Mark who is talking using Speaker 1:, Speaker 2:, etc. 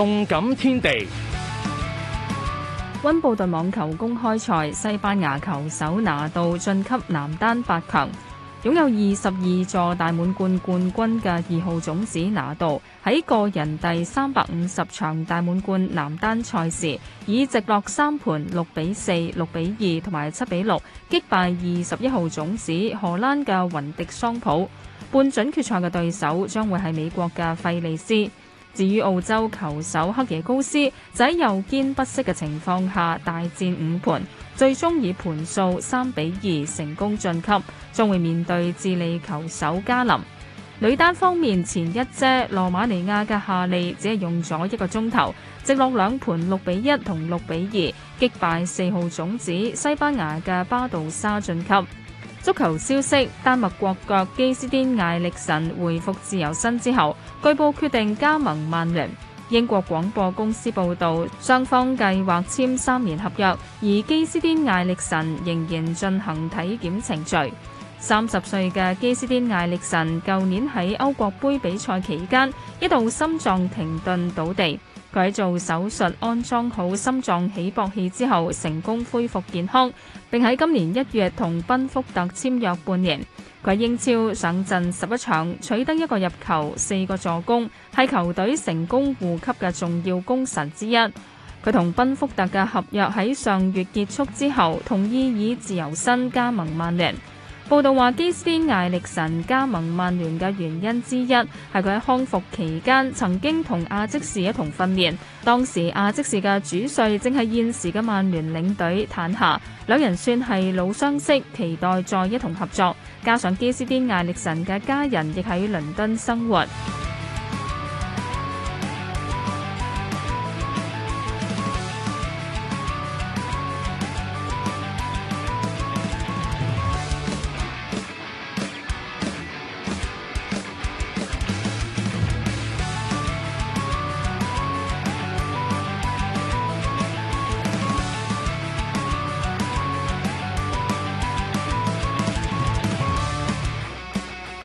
Speaker 1: 動感天地溫布頓網球公開賽，西班牙球手拿度晉級男單八強。擁有二十二座大滿貫冠軍嘅二號種子拿度，喺個人第三百五十場大滿貫男單賽事，以直落三盤六比四、六比二同埋七比六擊敗二十一號種子荷蘭嘅雲迪桑普。半準決賽嘅對手將會係美國嘅費利斯。至於澳洲球手克耶高斯，就喺右肩不適嘅情況下大戰五盤，最終以盤數三比二成功晉級，將會面對智利球手加林。女單方面，前一姐羅馬尼亞嘅夏莉只係用咗一個鐘頭，直落兩盤六比一同六比二擊敗四號種子西班牙嘅芭杜莎晉級。足球消息:三十歲嘅基斯丁·艾力臣，舊年喺歐國杯比賽期間一度心臟停頓倒地，佢喺做手術安裝好心臟起搏器之後，成功恢復健康。並喺今年一月同賓福特簽約半年。佢喺英超上陣十一場，取得一個入球，四個助攻，係球隊成功護級嘅重要功臣之一。佢同賓福特嘅合約喺上月結束之後，同意以自由身加盟曼聯。報道話，基斯丁艾力神加盟曼聯嘅原因之一係佢喺康復期間曾經同阿積士一同訓練，當時阿積士嘅主帥正係現時嘅曼聯領隊坦霞，兩人算係老相識，期待再一同合作。加上基斯丁艾力神嘅家人亦喺倫敦生活。